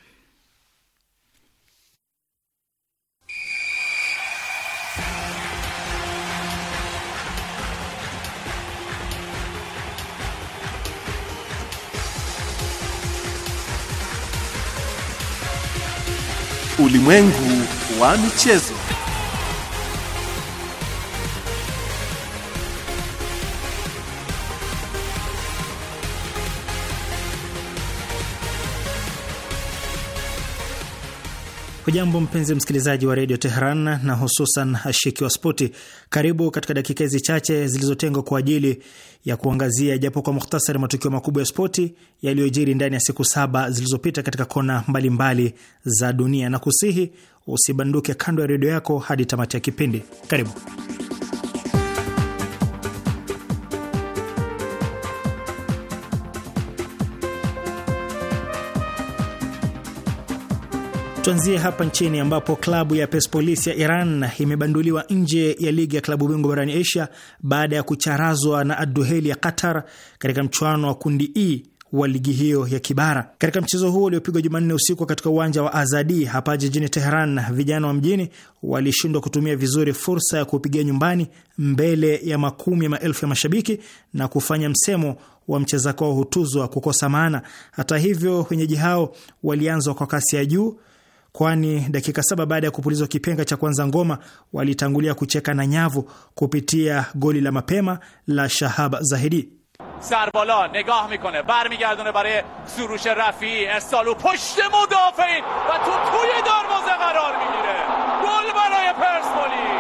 Ulimwengu wa michezo. Hujambo mpenzi msikilizaji wa redio Tehran na hususan ashiki wa spoti. Karibu katika dakika hizi chache zilizotengwa kwa ajili ya kuangazia japo kwa muhtasari matukio makubwa ya spoti yaliyojiri ndani ya siku saba zilizopita katika kona mbalimbali mbali za dunia, na kusihi usibanduke kando ya redio yako hadi tamati ya kipindi. Karibu. Tuanzie hapa nchini ambapo klabu ya Persepolis ya Iran imebanduliwa nje ya ligi ya klabu bingwa barani Asia baada ya kucharazwa na Aduheli ya Qatar katika mchuano wa kundi E wa ligi hiyo ya kibara. Katika mchezo huo uliopigwa Jumanne usiku katika uwanja wa Azadi hapa jijini Teheran, vijana wa mjini walishindwa kutumia vizuri fursa ya kupigia nyumbani mbele ya makumi ya maelfu ya mashabiki na kufanya msemo wa mcheza kwao hutuzwa kukosa maana. Hata hivyo, wenyeji hao walianza kwa kasi ya juu kwani dakika saba baada ya kupulizwa kipenga cha kwanza ngoma walitangulia kucheka na nyavu kupitia goli la mapema la Shahab Zahidi. sarbola نگاه میکنه برمیگردونه برای سروش rafii estalo پشت مدافعین و تو توی دروازه قرار میگیره gol برای perspolis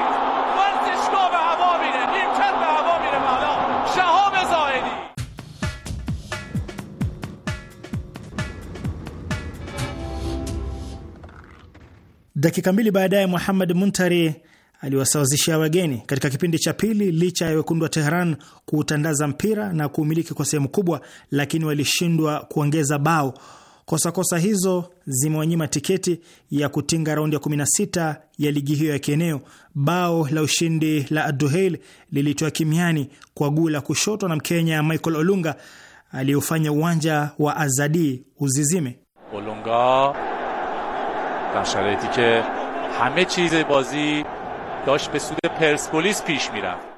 Dakika mbili baadaye Muhammad Muntari aliwasawazishia wageni katika kipindi cha pili. Licha ya wekundu wa Tehran kuutandaza mpira na kuumiliki kwa sehemu kubwa, lakini walishindwa kuongeza bao. Kosakosa kosa hizo zimewanyima tiketi ya kutinga raundi ya 16 ya ligi hiyo ya kieneo. Bao la ushindi la Aduheil lilitoa kimiani kwa guu la kushoto na Mkenya Michael Olunga aliyeufanya uwanja wa Azadi uzizime. Olunga در شرایطی که همه چیز بازی داشت به سود پرسپولیس پیش میرفت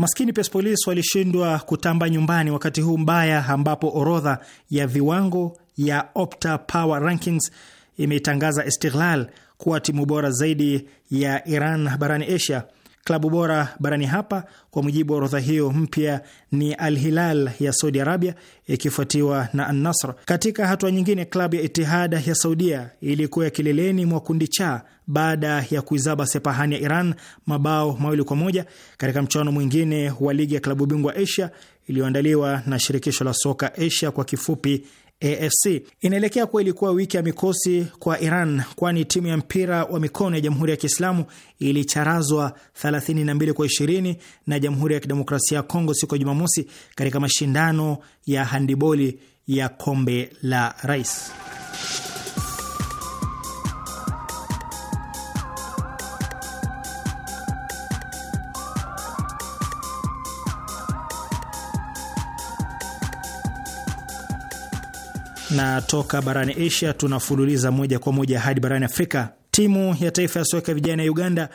Maskini Persepolis walishindwa kutamba nyumbani wakati huu mbaya ambapo orodha ya viwango ya Opta Power Rankings imeitangaza Istiklal kuwa timu bora zaidi ya Iran barani Asia klabu bora barani hapa kwa mujibu wa orodha hiyo mpya ni Al Hilal ya Saudi Arabia ikifuatiwa na anasr Nasr. Katika hatua nyingine, klabu ya Itihada ya Saudia ilikuwa ya kileleni mwa kundi cha baada ya kuizaba Sepahani ya Iran mabao mawili kwa moja katika mchuano mwingine wa ligi ya klabu bingwa Asia iliyoandaliwa na shirikisho la soka Asia kwa kifupi AFC. Inaelekea kuwa ilikuwa wiki ya mikosi kwa Iran, kwani timu ya mpira wa mikono ya Jamhuri ya Kiislamu ilicharazwa 32 kwa 20 na Jamhuri ya Kidemokrasia ya Kongo siku ya Jumamosi katika mashindano ya handiboli ya Kombe la Rais. na toka barani Asia tunafululiza moja kwa moja hadi barani Afrika. Timu ya taifa ya soka vijana ya Uganda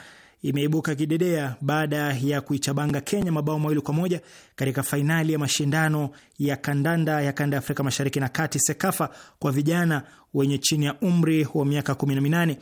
imeibuka kidedea baada ya kuichabanga Kenya mabao mawili kwa moja katika fainali ya mashindano ya kandanda ya kanda ya Afrika Mashariki na Kati, SEKAFA, kwa vijana wenye chini ya umri wa miaka 18.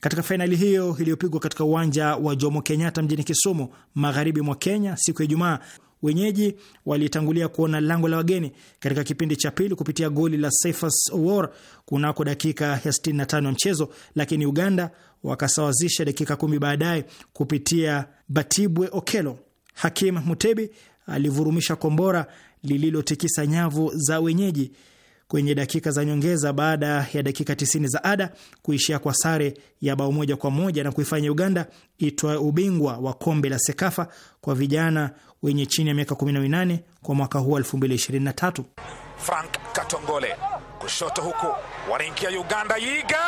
Katika fainali hiyo iliyopigwa katika uwanja wa Jomo Kenyatta mjini Kisumu, magharibi mwa Kenya siku ya Ijumaa, wenyeji walitangulia kuona lango la wageni katika kipindi cha pili kupitia goli la Cephas War kunako dakika ya 65 ya mchezo, lakini Uganda wakasawazisha dakika kumi baadaye kupitia Batibwe Okelo. Hakim Mutebi alivurumisha kombora lililotikisa nyavu za wenyeji kwenye dakika za nyongeza baada ya dakika 90 za ada kuishia kwa sare ya bao moja kwa moja na kuifanya Uganda itwae ubingwa wa kombe la Sekafa kwa vijana wenye chini ya miaka 18 kwa mwaka huu 2023. Frank Katongole kushoto huku, wanaingia Uganda Yiga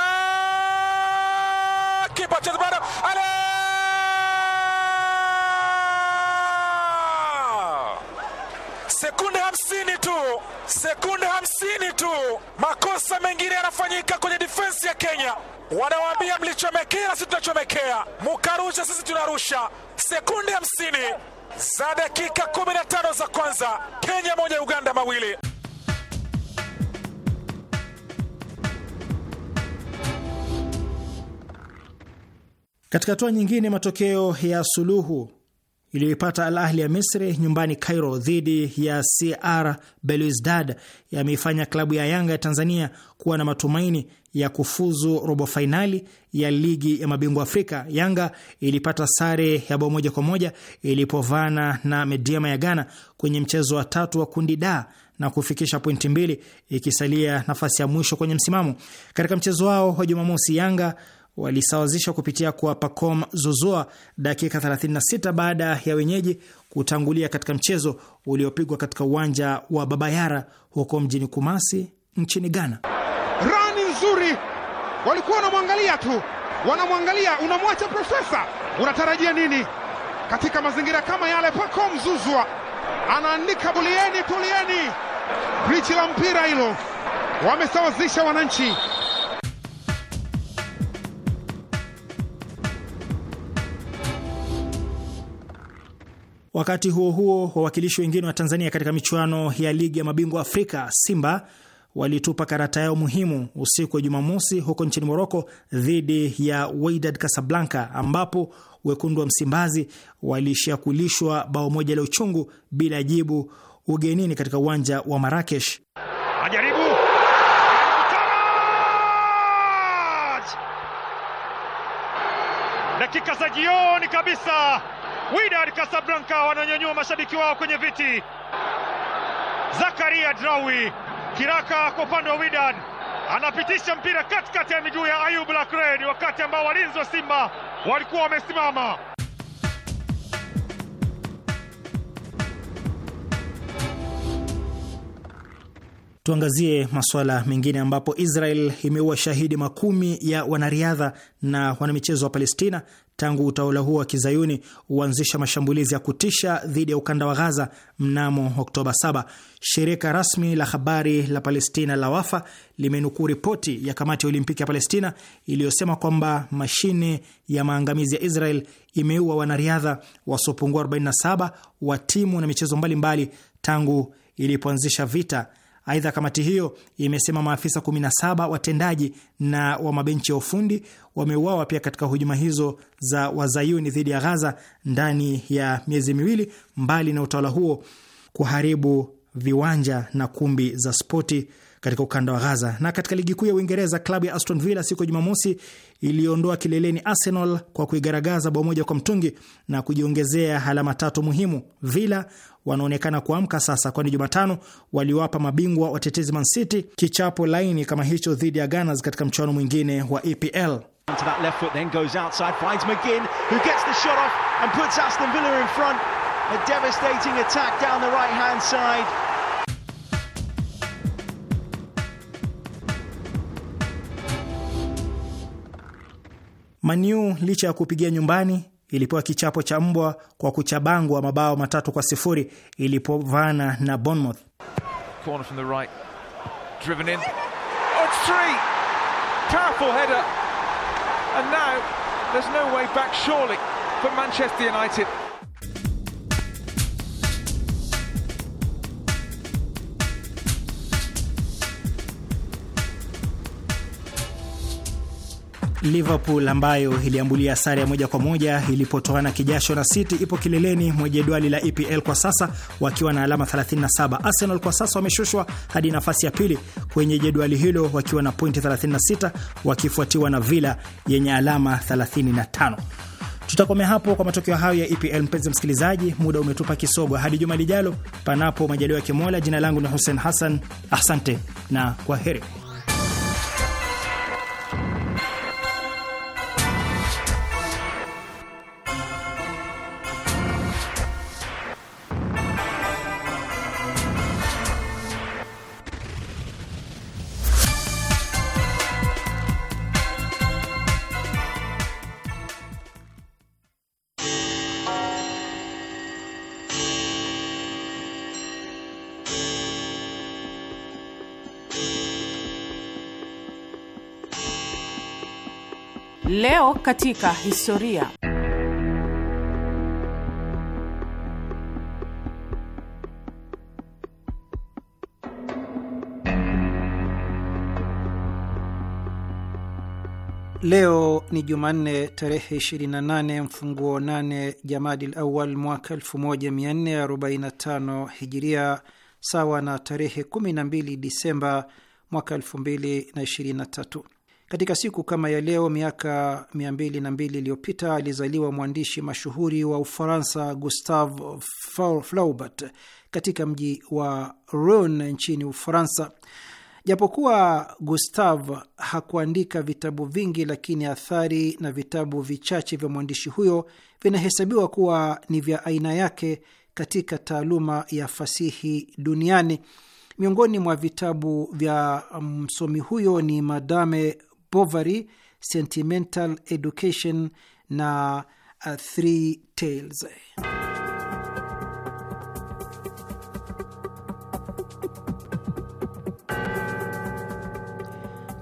kipa cha ale Sekunde 50 tu, sekunde 50 tu, makosa mengine yanafanyika kwenye difensi ya Kenya. Wanawaambia mlichomekea, sisi tunachomekea, mukarusha, sisi tunarusha. Sekunde za dakika 15 za kwanza, Kenya moja Uganda mawili. Katika hatua nyingine, matokeo ya suluhu iliyoipata Al Ahli ya Misri nyumbani Cairo dhidi ya CR Belouizdad yameifanya klabu ya Yanga ya Tanzania kuwa na matumaini ya kufuzu robo fainali ya ligi ya mabingwa Afrika, Yanga ilipata sare ya bao moja kwa moja ilipovana na Mediama ya Ghana kwenye mchezo wa tatu wa kundi da na kufikisha pointi mbili, ikisalia nafasi ya mwisho kwenye msimamo. Katika mchezo wao wa Jumamosi, Yanga walisawazisha kupitia kwa Pacom Zozoa dakika 36 baada ya wenyeji kutangulia katika mchezo uliopigwa katika uwanja wa Baba Yara huko mjini Kumasi nchini Ghana. Run! vizuri, walikuwa wanamwangalia tu, wanamwangalia. Unamwacha profesa, unatarajia nini katika mazingira kama yale? Pako Mzuzwa anaandika bulieni, tulieni, brichi la mpira hilo, wamesawazisha wananchi. Wakati huo huo, wawakilishi wengine wa Tanzania katika michuano ya ligi ya mabingwa Afrika, Simba walitupa karata yao muhimu usiku wa Jumamosi huko nchini Moroko dhidi ya Wydad Casablanca, ambapo wekundu wa Msimbazi walishakulishwa bao moja la uchungu bila jibu ugenini katika uwanja wa Marakesh. Ajaribu dakika za jioni kabisa, Wydad Casablanca wananyanyua mashabiki wao kwenye viti. Zakaria Drawi Kiraka kwa upande wa widad anapitisha mpira katikati ya miguu ya Ayub Black wakati ambao walinzi wa Simba walikuwa wamesimama. Tuangazie masuala mengine ambapo Israel imeua shahidi makumi ya wanariadha na wanamichezo wa Palestina tangu utawala huo wa kizayuni huanzisha mashambulizi ya kutisha dhidi ya ukanda wa Ghaza mnamo Oktoba 7. Shirika rasmi la habari la Palestina la Wafa limenukuu ripoti ya kamati ya Olimpiki ya Palestina iliyosema kwamba mashine ya maangamizi ya Israel imeua wanariadha wasiopungua 47 wa timu na michezo mbalimbali tangu ilipoanzisha vita Aidha, kamati hiyo imesema maafisa 17 watendaji na wa mabenchi ya ufundi wameuawa pia katika hujuma hizo za wazayuni dhidi ya Ghaza ndani ya miezi miwili, mbali na utawala huo kuharibu viwanja na kumbi za spoti katika ukanda wa Ghaza. Na katika ligi kuu ya Uingereza, klabu ya Aston Villa siku ya Jumamosi iliyoondoa kileleni Arsenal kwa kuigaragaza bao moja kwa mtungi na kujiongezea alama tatu muhimu. Villa wanaonekana kuamka sasa, kwani Jumatano waliwapa mabingwa watetezi Man City kichapo laini kama hicho dhidi ya Gunners katika mchuano mwingine wa EPL. Maniu licha ya kupigia nyumbani ilipewa kichapo cha mbwa kwa kuchabangwa mabao matatu kwa sifuri ilipovana na Bournemouth. Manchester United Liverpool ambayo iliambulia sare ya moja kwa moja ilipotoana kijasho na City ipo kileleni mwa jedwali la EPL kwa sasa wakiwa na alama 37. Arsenal kwa sasa wameshushwa hadi nafasi ya pili kwenye jedwali hilo wakiwa na pointi 36 wakifuatiwa na Villa yenye alama 35. Tutakomea hapo kwa matokeo hayo ya EPL. Mpenzi msikilizaji, muda umetupa kisogo. Hadi juma lijalo, panapo majaliwa ya Kimola. Jina langu ni Hussein Hassan, asante na kwa heri. Katika historia Leo ni Jumanne tarehe 28 mfunguo 8 Jamadil Awal mwaka 1445 Hijiria, sawa na tarehe 12 Disemba mwaka 2023. Katika siku kama ya leo miaka 202 iliyopita alizaliwa mwandishi mashuhuri wa Ufaransa Gustave Flaubert katika mji wa Rouen nchini Ufaransa. Japokuwa Gustave hakuandika vitabu vingi, lakini athari na vitabu vichache vya mwandishi huyo vinahesabiwa kuwa ni vya aina yake katika taaluma ya fasihi duniani. Miongoni mwa vitabu vya msomi huyo ni Madame Bovary, Sentimental Education na uh, Three Tales.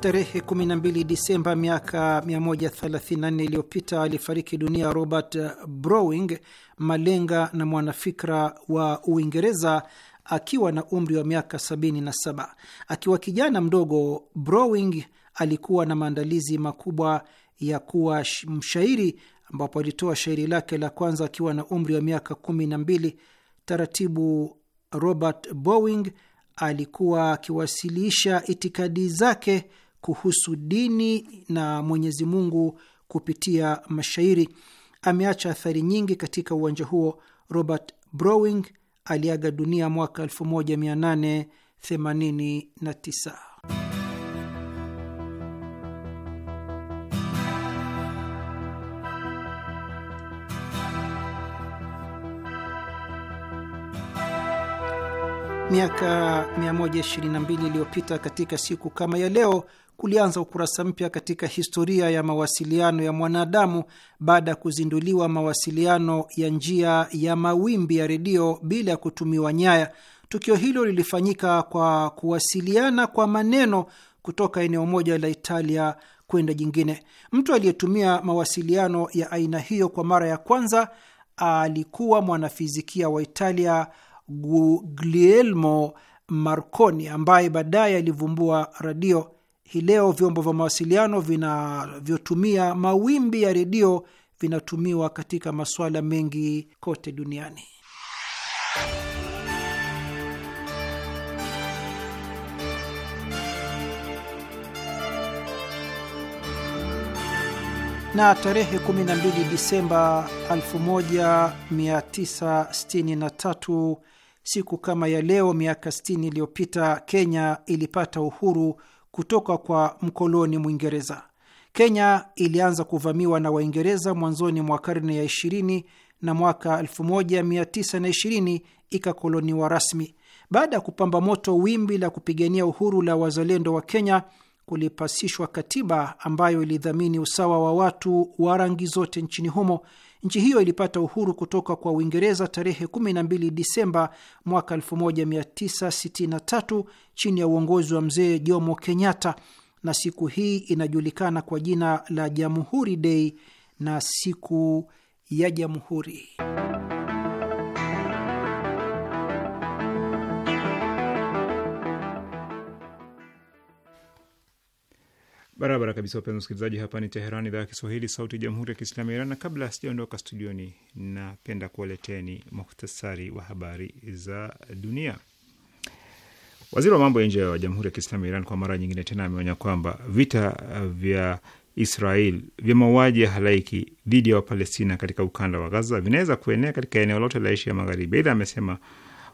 Tarehe 12 Disemba miaka 134 iliyopita alifariki dunia Robert Browning, malenga na mwanafikra wa Uingereza akiwa na umri wa miaka 77. Akiwa kijana mdogo, Browning alikuwa na maandalizi makubwa ya kuwa mshairi, ambapo alitoa shairi lake la kwanza akiwa na umri wa miaka kumi na mbili. Taratibu Robert Bowing alikuwa akiwasilisha itikadi zake kuhusu dini na Mwenyezi Mungu kupitia mashairi. Ameacha athari nyingi katika uwanja huo. Robert Browning aliaga dunia mwaka 1889. Miaka 122 iliyopita katika siku kama ya leo kulianza ukurasa mpya katika historia ya mawasiliano ya mwanadamu baada ya kuzinduliwa mawasiliano ya njia ya mawimbi ya redio bila ya kutumiwa nyaya. Tukio hilo lilifanyika kwa kuwasiliana kwa maneno kutoka eneo moja la Italia kwenda jingine. Mtu aliyetumia mawasiliano ya aina hiyo kwa mara ya kwanza alikuwa mwanafizikia wa Italia Guglielmo Marconi ambaye baadaye alivumbua redio. Hii leo vyombo vya mawasiliano vinavyotumia mawimbi ya redio vinatumiwa katika masuala mengi kote duniani. na tarehe 12 Disemba 1963 Siku kama ya leo miaka 60 iliyopita Kenya ilipata uhuru kutoka kwa mkoloni Mwingereza. Kenya ilianza kuvamiwa na Waingereza mwanzoni mwa karne ya 20 na mwaka 1920 ikakoloniwa rasmi. Baada ya kupamba moto wimbi la kupigania uhuru la wazalendo wa Kenya, kulipasishwa katiba ambayo ilidhamini usawa wa watu wa rangi zote nchini humo Nchi hiyo ilipata uhuru kutoka kwa Uingereza tarehe 12 Disemba mwaka 1963 chini ya uongozi wa Mzee Jomo Kenyatta, na siku hii inajulikana kwa jina la Jamhuri Dei na siku ya Jamhuri. Barabara kabisa, wapenzi wasikilizaji, hapa ni Teheran, idhaa ya Kiswahili, sauti ya jamhuri ya kiislamu ya Iran. Na kabla sijaondoka studioni, napenda kuwaleteni muhtasari wa habari za dunia. Waziri wa mambo ya nje wa jamhuri ya kiislamu ya Iran kwa mara nyingine tena ameonya kwamba vita vya Israel vya mauaji ya halaiki dhidi ya Wapalestina katika ukanda wa Gaza vinaweza kuenea katika eneo lote la Asia ya Magharibi. Aidha amesema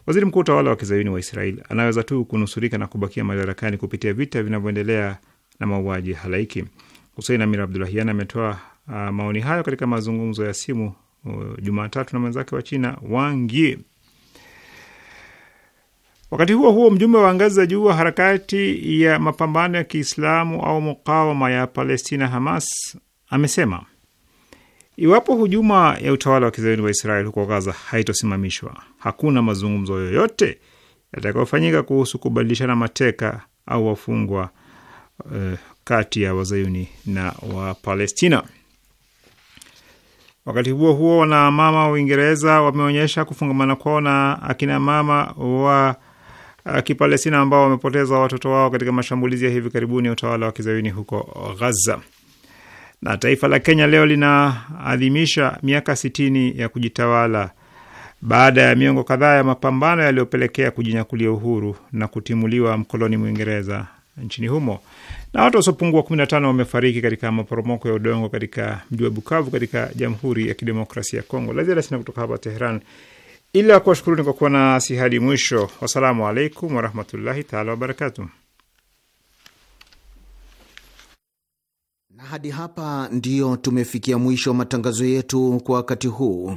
waziri mkuu utawala wa kizayuni wa Israel anaweza tu kunusurika na kubakia madarakani kupitia vita vinavyoendelea na mauaji halaiki. Husein Amir Abdulahian ametoa uh, maoni hayo katika mazungumzo ya simu uh, Jumatatu na mwenzake wa China Wang Yi. Wakati huo huo, mjumbe wa ngazi za juu wa harakati ya mapambano ya Kiislamu au mukawama ya Palestina, Hamas, amesema iwapo hujuma ya utawala wa kizayuni wa Israeli huko Gaza haitosimamishwa hakuna mazungumzo yoyote yatakayofanyika kuhusu kubadilishana mateka au wafungwa Eh, kati ya wazayuni na Wapalestina. Wakati huo huo, wanamama wa Uingereza wameonyesha kufungamana kwao na akina mama wa eh, Kipalestina ambao wamepoteza watoto wao katika mashambulizi ya hivi karibuni ya utawala wa kizayuni huko ghaza Na taifa la Kenya leo linaadhimisha miaka sitini ya kujitawala baada ya miongo kadhaa ya mapambano yaliyopelekea kujinyakulia uhuru na kutimuliwa mkoloni Mwingereza nchini humo, na watu wasiopungua 15 wamefariki katika maporomoko ya udongo katika mji wa Bukavu katika Jamhuri ya Kidemokrasia ya Kongo. La ziada sina kutoka hapa teheran ila kuwashukuruni kwa kuwa nasi hadi mwisho. Wassalamu alaikum warahmatullahi taala wabarakatu. Na hadi hapa ndiyo tumefikia mwisho wa matangazo yetu kwa wakati huu.